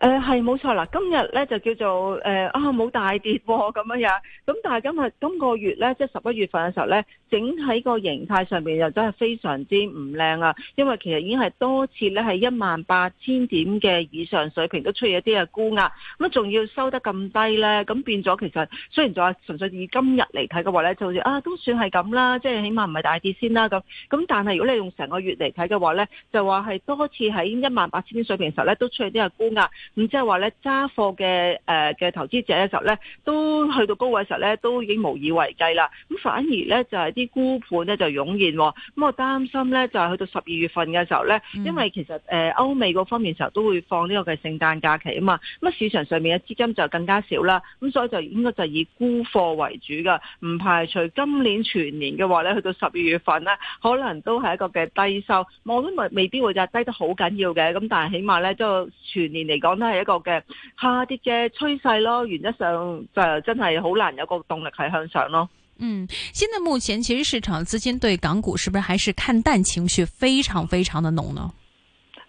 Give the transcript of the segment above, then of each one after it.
誒係冇錯啦，今日咧就叫做誒、呃、啊冇大跌咁、啊、樣樣，咁但係今日今個月咧，即係十一月份嘅時候咧，整體個形態上面又真係非常之唔靚啊！因為其實已經係多次咧係一萬八千點嘅以上水平都出現一啲嘅沽壓，咁啊仲要收得咁低咧，咁變咗其實雖然就係純粹以今日嚟睇嘅話咧，就好似啊都算係咁啦，即、就、係、是、起碼唔係大跌先啦咁，咁但係如果你用成個月嚟睇嘅話咧，就話係多次喺一萬八千點水平時候咧都出現啲嘅沽壓。咁即係話咧揸貨嘅誒嘅投資者嘅時候咧，都去到高位嘅時候咧，都已經無以為繼啦。咁反而咧就係啲沽盤咧就湧現喎。咁我擔心咧就係去到十二月份嘅時候咧、嗯，因為其實誒歐美嗰方面嘅時候都會放呢個嘅聖誕假期啊嘛。咁啊市場上面嘅資金就更加少啦。咁所以就應該就以沽貨為主噶，唔排除今年全年嘅話咧，去到十二月份咧，可能都係一個嘅低收。我都未未必會就低得好緊要嘅，咁但係起碼咧都全年嚟講。都係一個嘅下跌嘅趨勢咯，原則上就真係好難有個動力係向上咯。嗯，現在目前其實市場資金對港股是不是還是看淡情緒非常非常的濃呢？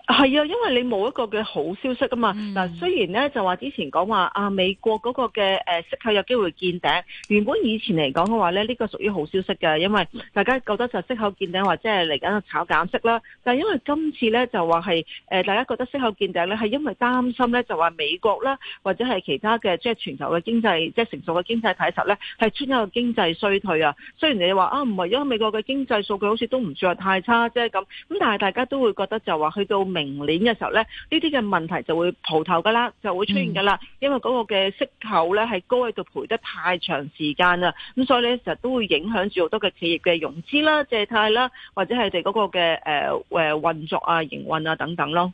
係啊，因為你冇一個嘅好消息噶嘛。嗱、mm.，雖然咧就話之前講話啊美國嗰個嘅誒息口有機會見頂，原本以前嚟講嘅話咧呢，這個屬於好消息嘅，因為大家覺得就息口見頂或者係嚟緊炒減息啦。但係因為今次咧就話係誒大家覺得息口見頂咧係因為擔心咧就話美國啦或者係其他嘅即係全球嘅經濟即係、就是、成熟嘅經濟體系咧係出現個經濟衰退啊。雖然你話啊唔係，因為美國嘅經濟數據好似都唔算話太差即係咁，咁但係大家都會覺得就話去到美。明年嘅時候咧，呢啲嘅問題就會蒲頭噶啦，就會出現噶啦，因為嗰個嘅息口咧係高喺度，賠得太長時間啦，咁所以咧，其實都會影響住好多嘅企業嘅融資啦、借貸啦，或者係哋嗰個嘅誒誒運作啊、營運啊等等咯。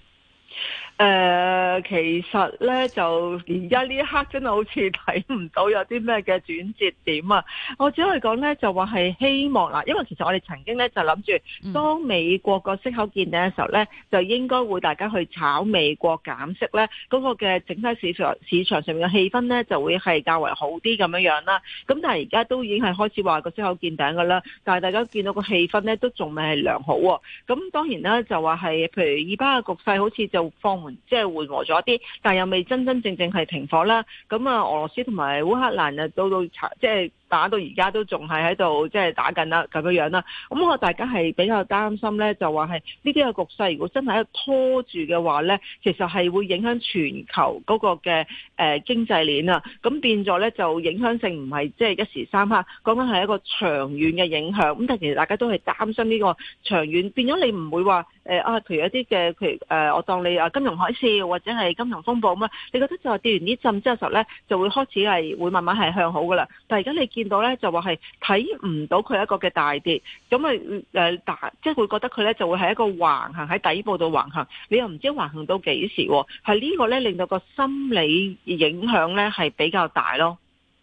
誒、呃，其實咧就而家呢一刻真係好似睇唔到有啲咩嘅轉折點啊！我只可以講呢，就話係希望啦，因為其實我哋曾經呢，就諗住，當美國個息口見頂嘅時候呢，就應該會大家去炒美國減息呢。嗰、那個嘅整體市場市場上面嘅氣氛呢，就會係較為好啲咁樣樣、啊、啦。咁但係而家都已經係開始話個息口見頂㗎啦，但係大家見到個氣氛呢，都仲未係良好喎、啊。咁當然啦，就話係譬如以巴嘅局勢好似就放緩。即係緩和咗啲，但係又未真真正正係停火啦。咁啊，俄羅斯同埋烏克蘭啊，到到查即係。打到而家都仲係喺度，即係打緊啦，咁樣樣啦。咁我大家係比較擔心咧，就話係呢啲嘅局勢，如果真係喺度拖住嘅話咧，其實係會影響全球嗰個嘅誒經濟鏈啊。咁變咗咧，就影響性唔係即係一時三刻，講緊係一個長遠嘅影響。咁但係其實大家都係擔心呢個長遠，變咗你唔會話誒啊，譬如一啲嘅譬如，啊，我當你啊金融海嘯或者係金融風暴咁啊，你覺得就係跌完呢陣之後時候咧，就會開始係會慢慢係向好噶啦。但係而家你見。見 到咧就話係睇唔到佢一個嘅大跌，咁咪誒，大、呃、即係會覺得佢咧就會係一個橫行，喺底部度橫行，你又唔知橫行到幾時，啊，係呢個咧令到個心理影響咧係比較大咯。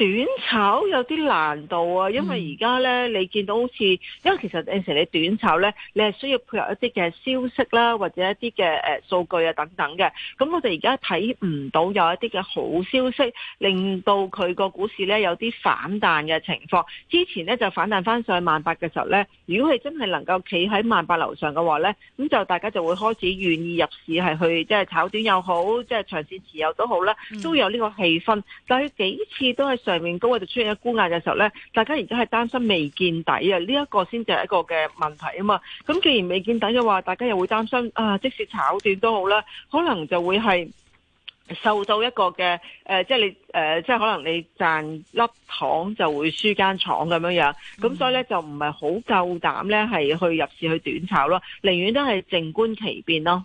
短炒有啲難度啊，因為而家咧你見到好似，因為其實有時你短炒咧，你係需要配合一啲嘅消息啦，或者一啲嘅誒數據啊等等嘅。咁我哋而家睇唔到有一啲嘅好消息，令到佢個股市咧有啲反彈嘅情況，之前咧就反彈翻上去萬八嘅時候咧，如果係真係能夠企喺萬八樓上嘅話咧，咁就大家就會開始願意入市係去即係炒短又好，即係長線持有都好啦，都有呢個氣氛。但係幾次都係上。上面高就出現一高壓嘅時候咧，大家而家係擔心未見底啊！呢、這個、一個先就係一個嘅問題啊嘛。咁既然未見底嘅話，大家又會擔心啊，即使炒短都好啦，可能就會係受到一個嘅誒、呃，即係你誒、呃，即係可能你賺粒糖就會輸間廠咁樣樣。咁、嗯、所以咧就唔係好夠膽咧，係去入市去短炒咯，寧願都係靜觀其變咯。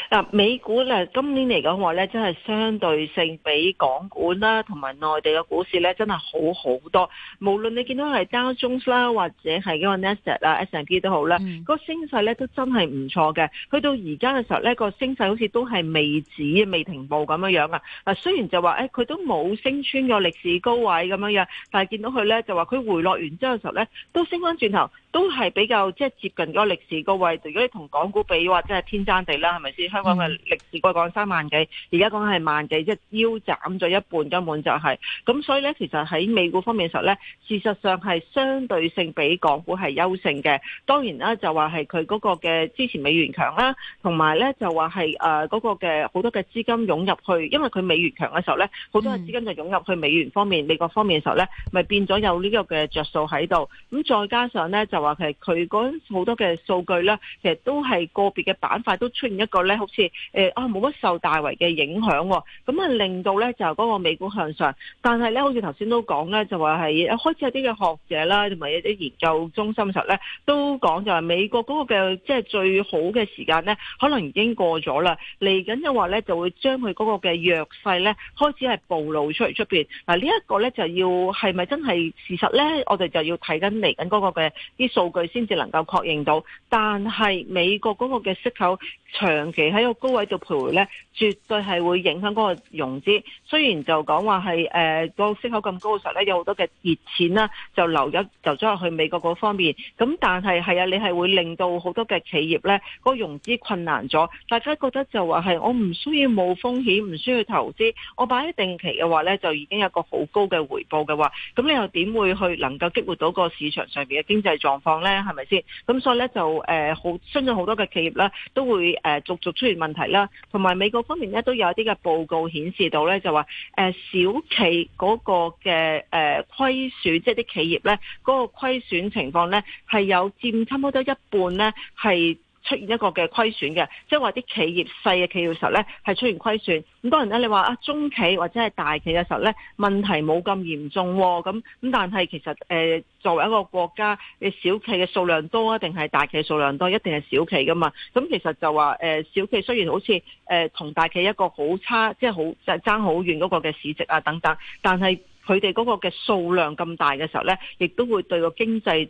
嗱，美股咧今年嚟講話咧，真係相對性比港股啦、啊，同埋內地嘅股市咧，真係好好多。無論你見到係道瓊斯啦，或者係嗰個納斯達克啦、S&P 都好啦，嗯個升勢咧都真係唔錯嘅。去到而家嘅時候咧，個升勢好似都係未止、未停步咁樣樣啊。嗱，雖然就話佢、哎、都冇升穿個歷史高位咁樣樣，但係見到佢咧就話佢回落完之後嘅時候咧，都升翻轉頭，都係比較即係接近個歷史高位。如果你同港股比話，話真係天爭地啦，係咪先？我、嗯、咪歷史過講三萬幾，而家講係萬幾，即腰斬咗一半，根本就係、係。咁所以咧，其實喺美股方面嘅時候咧，事實上係相對性比港股係優勝嘅。當然啦，就話係佢嗰個嘅支持美元強啦，同埋咧就話係誒嗰個嘅好多嘅資金湧入去，因為佢美元強嘅時候咧，好多嘅資金就湧入去美元方面、美國方面嘅時候咧，咪變咗有呢個嘅着數喺度。咁再加上咧，就話其實佢嗰好多嘅數據咧，其實都係個別嘅板塊都出現一個咧。好似誒啊冇乜受大圍嘅影響，哦，咁啊令到咧就嗰個美股向上，但係咧好似頭先都講咧，就話係開始有啲嘅學者啦，同埋一啲研究中心時候咧都講就係美國嗰個嘅即係最好嘅時間咧，可能已經過咗啦，嚟緊即係話咧就會將佢嗰個嘅弱勢咧開始係暴露出嚟，出邊嗱，呢一個咧就要係咪真係事實咧？我哋就要睇緊嚟緊嗰個嘅啲數據先至能夠確認到，但係美國嗰個嘅息口長期。喺個高位度徘徊咧，絕對係會影響嗰個融資。雖然就講話係誒個息口咁高嘅時候咧，有好多嘅熱錢啦，就流入就咗去美國嗰方面。咁但係係啊，你係會令到好多嘅企業咧，個融資困難咗。大家覺得就話係我唔需要冒風險，唔需要投資，我擺喺定期嘅話咧，就已經有一個好高嘅回報嘅話，咁你又點會去能夠激活到個市場上邊嘅經濟狀況咧？係咪先？咁所以咧就誒，好、呃、相信好多嘅企業咧都會誒，逐、呃、逐、續續出現問題啦，同埋美國方面咧都有一啲嘅報告顯示到咧，就話誒，小企嗰個嘅誒虧損，即係啲企業咧嗰個虧損情況咧，係有佔差唔多一半咧係。出現一個嘅虧損嘅，即係話啲企業，細嘅企業嘅時候咧，係出現虧損。咁當然啦，你話啊中企或者係大企嘅時候咧，問題冇咁嚴重，啊。咁咁但係其實誒、呃，作為一個國家嘅小企嘅數量多啊，定係大企嘅數量多，一定係小企噶嘛？咁其實就話誒、呃，小企雖然好似誒同大企一個好差，即係好就爭好遠嗰個嘅市值啊等等，但係佢哋嗰個嘅數量咁大嘅時候咧，亦都會對個經濟。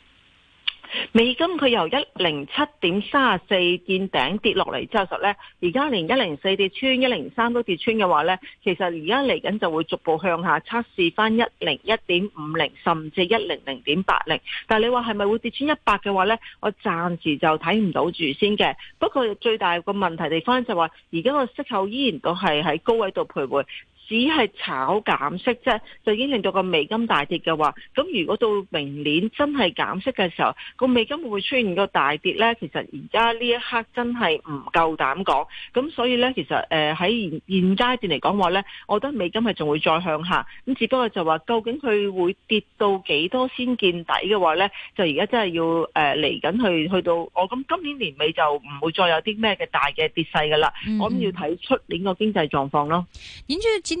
美金佢由一零七點三十四見頂跌落嚟之後，實呢而家連一零四跌穿一零三都跌穿嘅話呢，其實而家嚟緊就會逐步向下測試翻一零一點五零，甚至一零零點八零。但係你話係咪會跌穿一百嘅話呢，我暫時就睇唔到住先嘅。不過最大個問題地方就係話，而家個息口依然都係喺高位度徘徊。只係炒減息啫，就已經令到個美金大跌嘅話，咁如果到明年真係減息嘅時候，個美金會唔會出現一個大跌咧？其實而家呢一刻真係唔夠膽講，咁所以咧，其實誒喺、呃、現階段嚟講話咧，我覺得美金係仲會再向下，咁只不過就話究竟佢會跌到幾多先見底嘅話咧，就而家真係要誒嚟緊去去到我咁、哦、今年年尾就唔會再有啲咩嘅大嘅跌勢噶啦，我諗要睇出年個經濟狀況咯。演、嗯嗯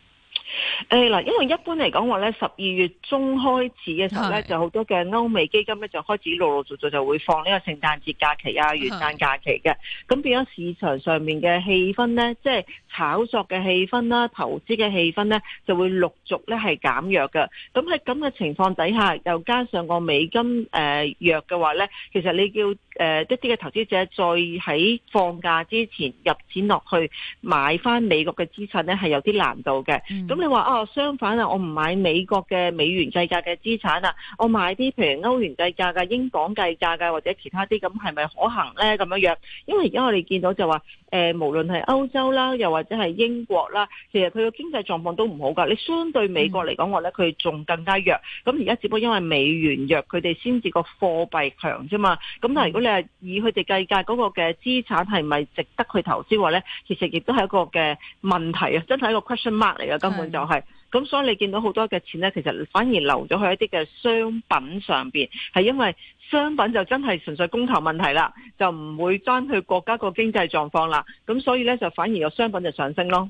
誒，嗱，因為一般嚟講話咧，十二月中開始嘅時候咧，就好多嘅歐美基金咧就開始陸陸續續就會放呢個聖誕節假期啊、元旦假期嘅，咁變咗市場上面嘅氣氛咧，即係炒作嘅氣氛啦、投資嘅氣氛咧，就會陸續咧係減弱嘅。咁喺咁嘅情況底下，又加上個美金誒、呃、弱嘅話咧，其實你叫誒一啲嘅投資者再喺放假之前入錢落去買翻美國嘅資產咧，係有啲難度嘅，咁、嗯。你話啊、哦，相反啊，我唔買美國嘅美元計價嘅資產啊，我買啲譬如歐元計價嘅、英鎊計價嘅或者其他啲，咁係咪可行咧？咁樣樣，因為而家我哋見到就話，誒、呃，無論係歐洲啦，又或者係英國啦，其實佢個經濟狀況都唔好噶。你相對美國嚟講話咧，佢、嗯、仲更加弱。咁而家只不過因為美元弱，佢哋先至個貨幣強啫嘛。咁但係如果你係以佢哋計價嗰個嘅資產係咪值得去投資嘅話咧，其實亦都係一個嘅問題啊，真係一個 question mark 嚟嘅根本。就係咁，所以你見到好多嘅錢呢，其實反而流咗去一啲嘅商品上面。係因為商品就真係純粹供求問題啦，就唔會爭去國家個經濟狀況啦。咁所以呢，就反而有商品就上升咯。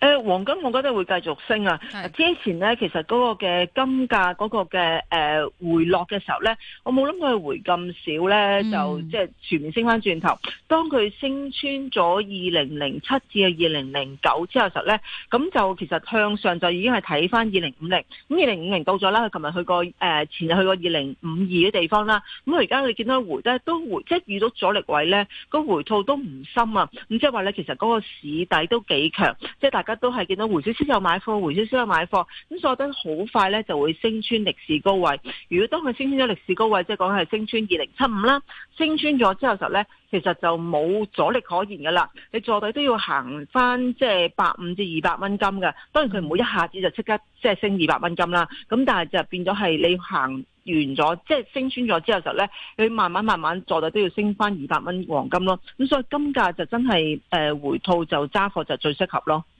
誒，黃金我覺得會繼續升啊！之前咧，其實嗰個嘅金價嗰個嘅誒、呃、回落嘅時候咧，我冇諗到佢回咁少咧，就即係全面升翻轉頭。當佢升穿咗二零零七至啊二零零九之後時候咧，咁就其實向上就已經係睇翻二零五零。咁二零五零到咗啦，佢琴日去過誒、呃、前日去過二零五二嘅地方啦。咁而家佢見到回都都回，即係遇到阻力位咧，個回吐都唔深啊。咁即係話咧，其實嗰個市底都幾強。即係大家都係見到回少少有買貨，回少少又買貨，咁所以我覺得好快咧就會升穿歷史高位。如果當佢升穿咗歷史高位，即係講係升穿二零七五啦，升穿咗之後就咧。其實就冇阻力可言噶啦，你坐底都要行翻即係百五至二百蚊金噶。當然佢唔會一下子就即刻即係升二百蚊金啦。咁但係就變咗係你行完咗，即係升穿咗之後就咧，你慢慢慢慢坐底都要升翻二百蚊黃金咯。咁所以金價就真係誒回吐，就揸貨就最適合咯。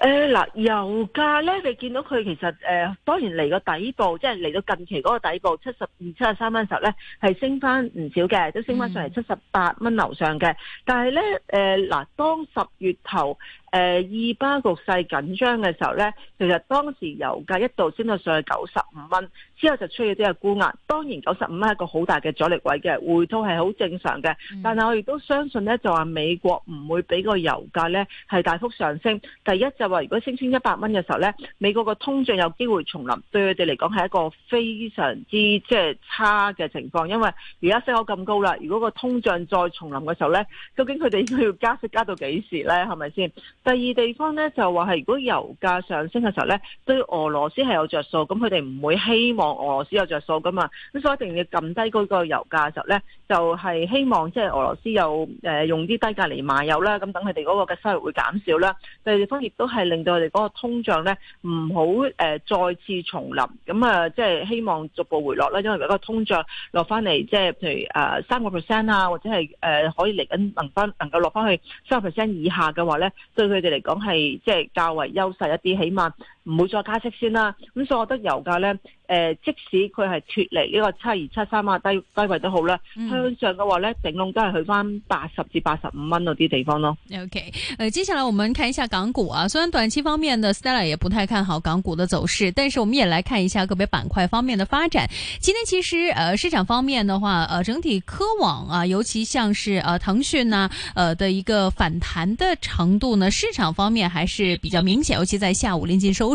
誒，嗱，油價咧，你見到佢其實誒、呃，當然嚟個底部，即係嚟到近期嗰個底部七十二、七十三蚊時候咧，係升翻唔少嘅，都升翻上嚟七十八蚊樓上嘅，嗯。但係咧，誒，嗱，當十月頭。誒，二巴局勢緊張嘅時候呢，其實當時油價一度升到上去九十五蚊，之後就出現啲嘅沽壓。當然九十五蚊係一個好大嘅阻力位嘅，回吐，係好正常嘅。但係我亦都相信呢，就話美國唔會俾個油價呢係大幅上升。第一就話如果升穿一百蚊嘅時候呢，美國個通脹有機會重臨，對佢哋嚟講係一個非常之即係差嘅情況。因為而家息口咁高啦，如果個通脹再重臨嘅時候呢，究竟佢哋應該要加息加到幾時呢？係咪先？第二地方咧就話係如果油價上升嘅時候咧，對俄羅斯係有着數，咁佢哋唔會希望俄羅斯有着數噶嘛，咁所以一定要撳低個油價嘅時候咧，就係、是、希望即係俄羅斯有誒、呃、用啲低價嚟賣油啦，咁等佢哋嗰個嘅收入會減少啦。第二地方亦都係令到佢哋嗰個通脹咧唔好誒再次重臨，咁啊即係希望逐步回落啦，因為如果嗰個通脹落翻嚟，即係譬如誒三個 percent 啊，或者係誒、呃、可以嚟緊能翻能夠落翻去三個 percent 以下嘅話咧，對佢哋嚟講係即係較為優勢一啲，起碼。唔會再加息先啦，咁所以我覺得油價呢，誒、呃、即使佢係脫離呢個七二七三啊低低位都好啦，向上嘅話呢，頂籠都係去返八十至八十五蚊嗰啲地方咯。OK，誒、呃，接下來我們看一下港股啊，雖然短期方面呢 Stella 也不太看好港股嘅走勢，但是我們也來看一下個別板塊方面嘅發展。今天其實誒、呃、市場方面嘅話，誒、呃、整體科網啊，尤其像是誒騰訊啊，誒、呃、嘅一個反彈的程度呢，市場方面還是比較明顯，尤其在下午臨近收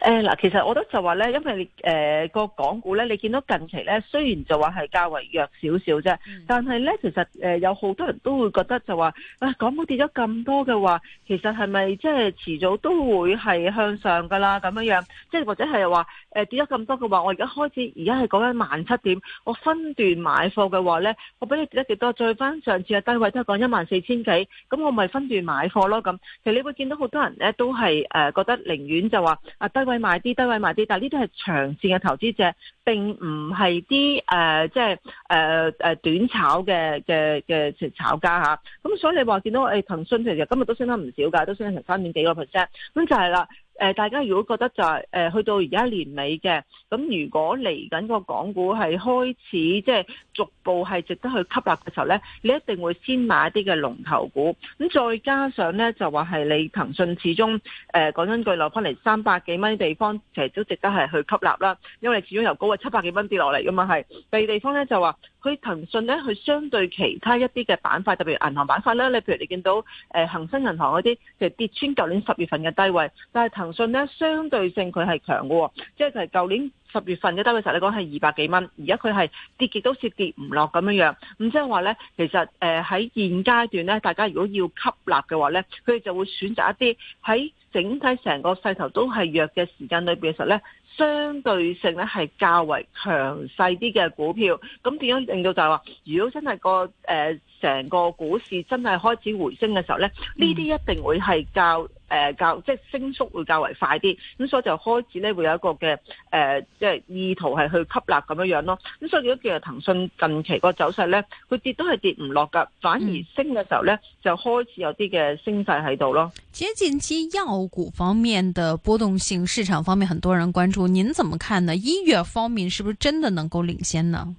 誒嗱，其實我都就話咧，因為誒個港股咧，你見到近期咧，雖然就話係較為弱少少啫，但係咧，其實誒有好多人都會覺得就話，哇，港股跌咗咁多嘅話，其實係咪即係遲早都會係向上噶啦？咁樣樣，即係或者係話誒跌咗咁多嘅話，我而家開始而家係講緊萬七點，我分段買貨嘅話咧，我俾你跌得幾多？再翻上次嘅低位都係講一萬四千幾，咁我咪分段買貨咯。咁其實你會見到好多人咧都係誒覺得寧願就話。低位買啲，低位買啲，但係呢啲係長線嘅投資者，並唔係啲誒，即係誒誒短炒嘅嘅嘅炒家吓。咁、啊、所以你話見到誒、哎、騰訊其實今日都升得唔少噶，都升咗成三點幾個 percent，咁就係啦。誒，大家如果覺得就係、是，去到而家年尾嘅，咁如果嚟緊個港股係開始即係、就是、逐步係值得去吸納嘅時候咧，你一定會先買一啲嘅龍頭股，咁再加上咧就話係你騰訊始終，誒、呃、講真句落返嚟三百幾蚊地方，其實都值得係去吸納啦，因為始終由高位七百幾蚊跌落嚟㗎嘛係。第二、那個、地方咧就話，佢騰訊咧佢相對其他一啲嘅板塊，特別銀行板塊咧，你譬如你見到恒生銀行嗰啲，就係跌穿舊年十月份嘅低位，但騰訊咧，相對性佢係強嘅，即係就係舊年十月份嘅低位嘅時候，你講係二百幾蚊，而家佢係跌極都似跌唔落咁樣樣。咁即係話咧，其實誒喺現階段咧，大家如果要吸納嘅話咧，佢哋就會選擇一啲喺整體成個勢頭都係弱嘅時間裏邊嘅時候咧，相對性咧係較為強勢啲嘅股票。咁點樣令到就係話，如果真係個誒成，呃、個股市真係開始回升嘅時候咧，呢啲一定會係較。嗯誒、呃，較即係升速會較為快啲，咁所以就開始咧會有一個嘅誒、呃，即係意圖係去吸納咁樣樣咯。咁所以如果其實騰訊近期個走勢咧，佢跌都係跌唔落噶，反而升嘅時候咧、嗯、就開始有啲嘅升勢喺度咯。最近期藥股方面嘅波動性，市場方面很多人關注，您怎麼看呢？醫藥方面是不是真的能夠領先呢？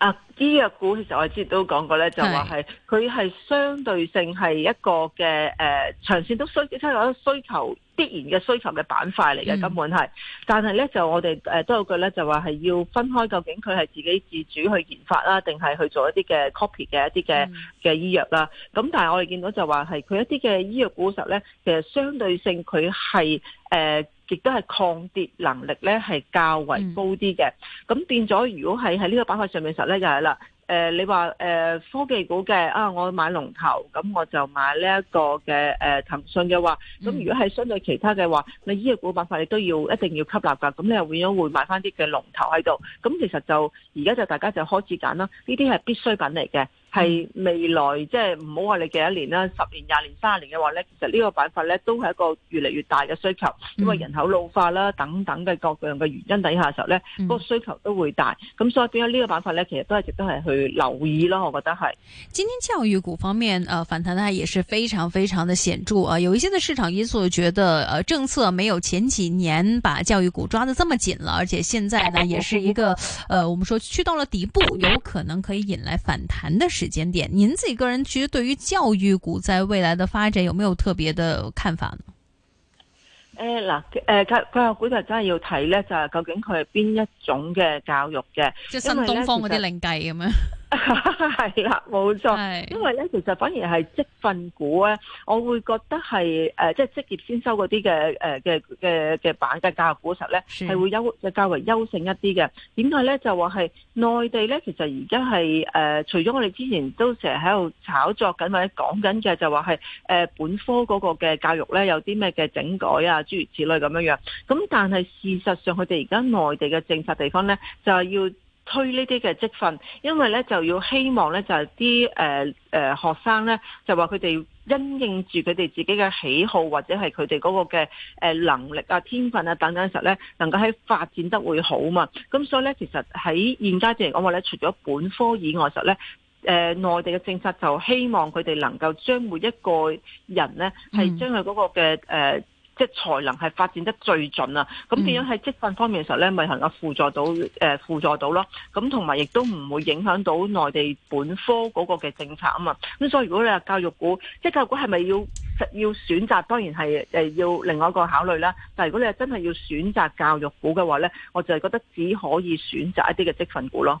啊！醫藥股其實我之前都講過咧，就話係佢係相對性係一個嘅誒、呃、長線都需即係講需求必然嘅需求嘅板塊嚟嘅、嗯，根本係。但係咧就我哋誒、呃、都有句咧就話係要分開，究竟佢係自己自主去研發啦，定係去做一啲嘅 copy 嘅一啲嘅嘅醫藥啦。咁但係我哋見到就話係佢一啲嘅醫藥股實咧，其實相對性佢係誒。呃亦都係抗跌能力咧係較為高啲嘅，咁變咗如果係喺呢個板塊上面實咧就係啦，誒、呃、你話誒、呃、科技股嘅啊，我買龍頭，咁我就買呢、這、一個嘅誒、呃、騰訊嘅話，咁如果係相對其他嘅話，你醫藥股板塊你都要一定要吸納㗎，咁你係點樣會買翻啲嘅龍頭喺度？咁其實就而家就大家就開始揀啦，呢啲係必需品嚟嘅。係未來即係唔好話你幾多年啦，十年、廿年、三十年嘅話呢，其實呢個辦法呢個板塊呢都係一個越嚟越大嘅需求，嗯，因為人口老化啦等等嘅各樣嘅原因底下嘅時候咧，嗯，那個需求都會大，咁所以點解呢個板塊呢，其實都係值得係去留意咯，我覺得係。今天教育股方面，呃，反彈咧也是非常非常的顯著啊，呃，有一些嘅市場因素覺得，呃，政策沒有前幾年把教育股抓得這麼緊了，而且現在呢也是一個，呃，我們說去到了底部，有可能可以引來反彈嘅時間點，您自己個人其實對於教育股在未來的發展有沒有特別的看法？呃呃、教教育真的要看呢？誒嗱，誒，教教育股就真係要睇咧，就係究竟佢係邊一種嘅教育嘅，即係新東方嗰啲另計咁樣。係 啦，冇錯。因為咧，其實反而係職訓股咧，我會覺得係即係職業先修嗰啲嘅嘅嘅嘅板嘅教育股嘅呢，咧，係會優即係較為優勝一啲嘅。點解咧？就話係內地咧，其實而家係誒，除咗我哋之前都成日喺度炒作緊或者講緊嘅，就話係誒本科嗰個嘅教育咧，有啲咩嘅整改啊，諸如此類咁樣樣。咁但係事實上，佢哋而家內地嘅政策地方咧，就係要。推呢啲嘅積分，因為咧就要希望咧，就係啲誒誒學生咧，就話佢哋因應住佢哋自己嘅喜好，或者係佢哋嗰個嘅誒能力啊、天分啊等等時咧，能夠喺發展得會好嘛，咁所以咧，其實喺現階段嚟講話咧，除咗本科以外時咧，誒內地嘅政策就希望佢哋能夠將每一個人咧、嗯、係將佢嗰個嘅誒。即係才能係發展得最盡啊！咁變咗喺積分方面嘅時候咧，咪能夠輔助到誒、呃、輔助到咯。咁同埋亦都唔會影響到內地本科嗰個嘅政策啊嘛。咁所以如果你話教育股，即係教育股係咪要要選擇？當然係誒要另外一個考慮啦。但如果你係真係要選擇教育股嘅話咧，我就係覺得只可以選擇一啲嘅積分股咯。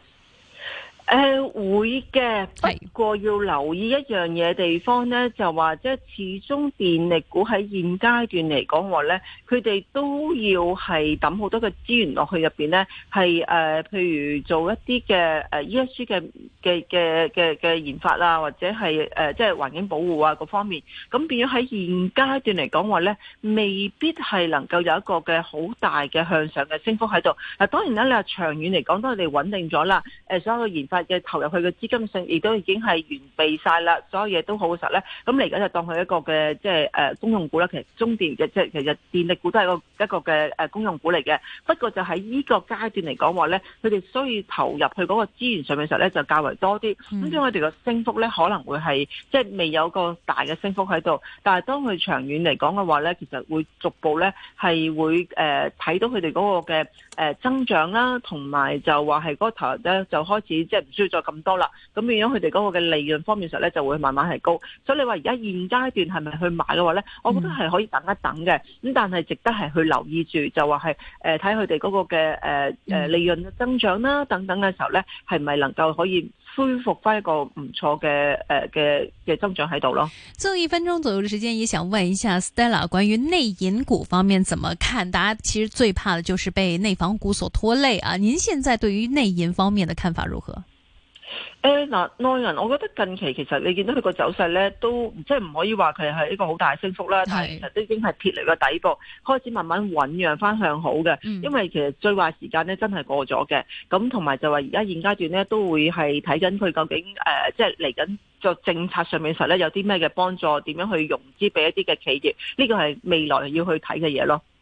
誒會嘅，不過要留意一樣嘢地方咧，就話即係始終電力股喺現階段嚟講話咧，佢哋都要係抌好多嘅資源落去入邊咧，係誒譬如做一啲嘅誒 ESG 嘅嘅嘅嘅嘅研發啊，或者係誒即係環境保護啊各方面。咁變咗喺現階段嚟講話咧，未必係能夠有一個嘅好大嘅向上嘅升幅喺度。嗱當然啦，你話長遠嚟講都係穩定咗啦。誒所有嘅研發。嘅投入佢嘅資金性亦都已經係完備晒啦。所有嘢都好實咧。咁嚟緊就當佢一個嘅即係誒公用股啦。其實中電嘅即係其實電力股都係一個一個嘅、呃、公用股嚟嘅。不過就喺呢個階段嚟講話咧，佢哋需要投入佢嗰個資源上面嘅時候咧，就較為多啲。咁、嗯、所以我哋個升幅咧，可能會係即係未有個大嘅升幅喺度。但係當佢長遠嚟講嘅話咧，其實會逐步咧係會誒睇、呃、到佢哋嗰個嘅、呃、增長啦，同埋就話係嗰頭咧就開始即係唔需要再咁多啦，咁變咗佢哋嗰個嘅利潤方面上咧，就會慢慢係高。所以你話而家現階段係咪去買嘅話咧，我覺得係可以等一等嘅。咁、嗯、但係值得係去留意住，就話係誒睇佢哋嗰個嘅誒誒利潤嘅增長啦，等等嘅時候咧，係咪能夠可以恢復翻一個唔錯嘅誒嘅嘅增長喺度咯？最後一分鐘左右嘅時間，也想問一下 Stella 關於內銀股方面怎麼看？大家其實最怕嘅就是被內房股所拖累啊！您現在對於內銀方面的看法如何？誒，嗱，內銀，我覺得近期其實你見到佢個走勢咧，都即係唔可以話佢係一個好大升幅啦，但係其實都已經係脫離個底部，開始慢慢醞釀翻向好嘅、嗯，因為其實最壞時間咧真係過咗嘅，咁同埋就話而家現階段咧都會係睇緊佢究竟誒、呃，即係嚟緊作政策上面實咧有啲咩嘅幫助，點樣去融資俾一啲嘅企業，呢、呢個係未來要去睇嘅嘢咯。